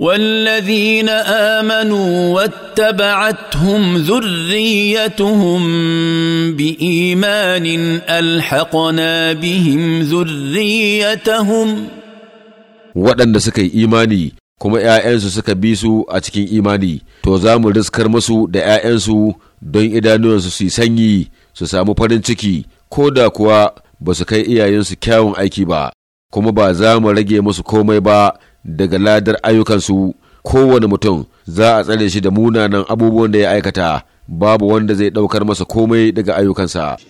والذين امنوا واتبعتهم ذريتهم بايمان الحقنا بهم ذريتهم waɗanda suka yi imani kuma ‘ya'yansu suka bi su a cikin imani, to za mu riskar musu da ‘ya'yansu don idanuwansu su yi sanyi su samu farin ciki, ko da kuwa ba su kai iyayensu kyawun aiki ba, kuma ba za mu rage musu komai ba daga ladar ayyukansu kowane mutum za a tsare shi da munanan abubuwan da ya aikata babu wanda zai ɗaukar masa komai daga ayyukansa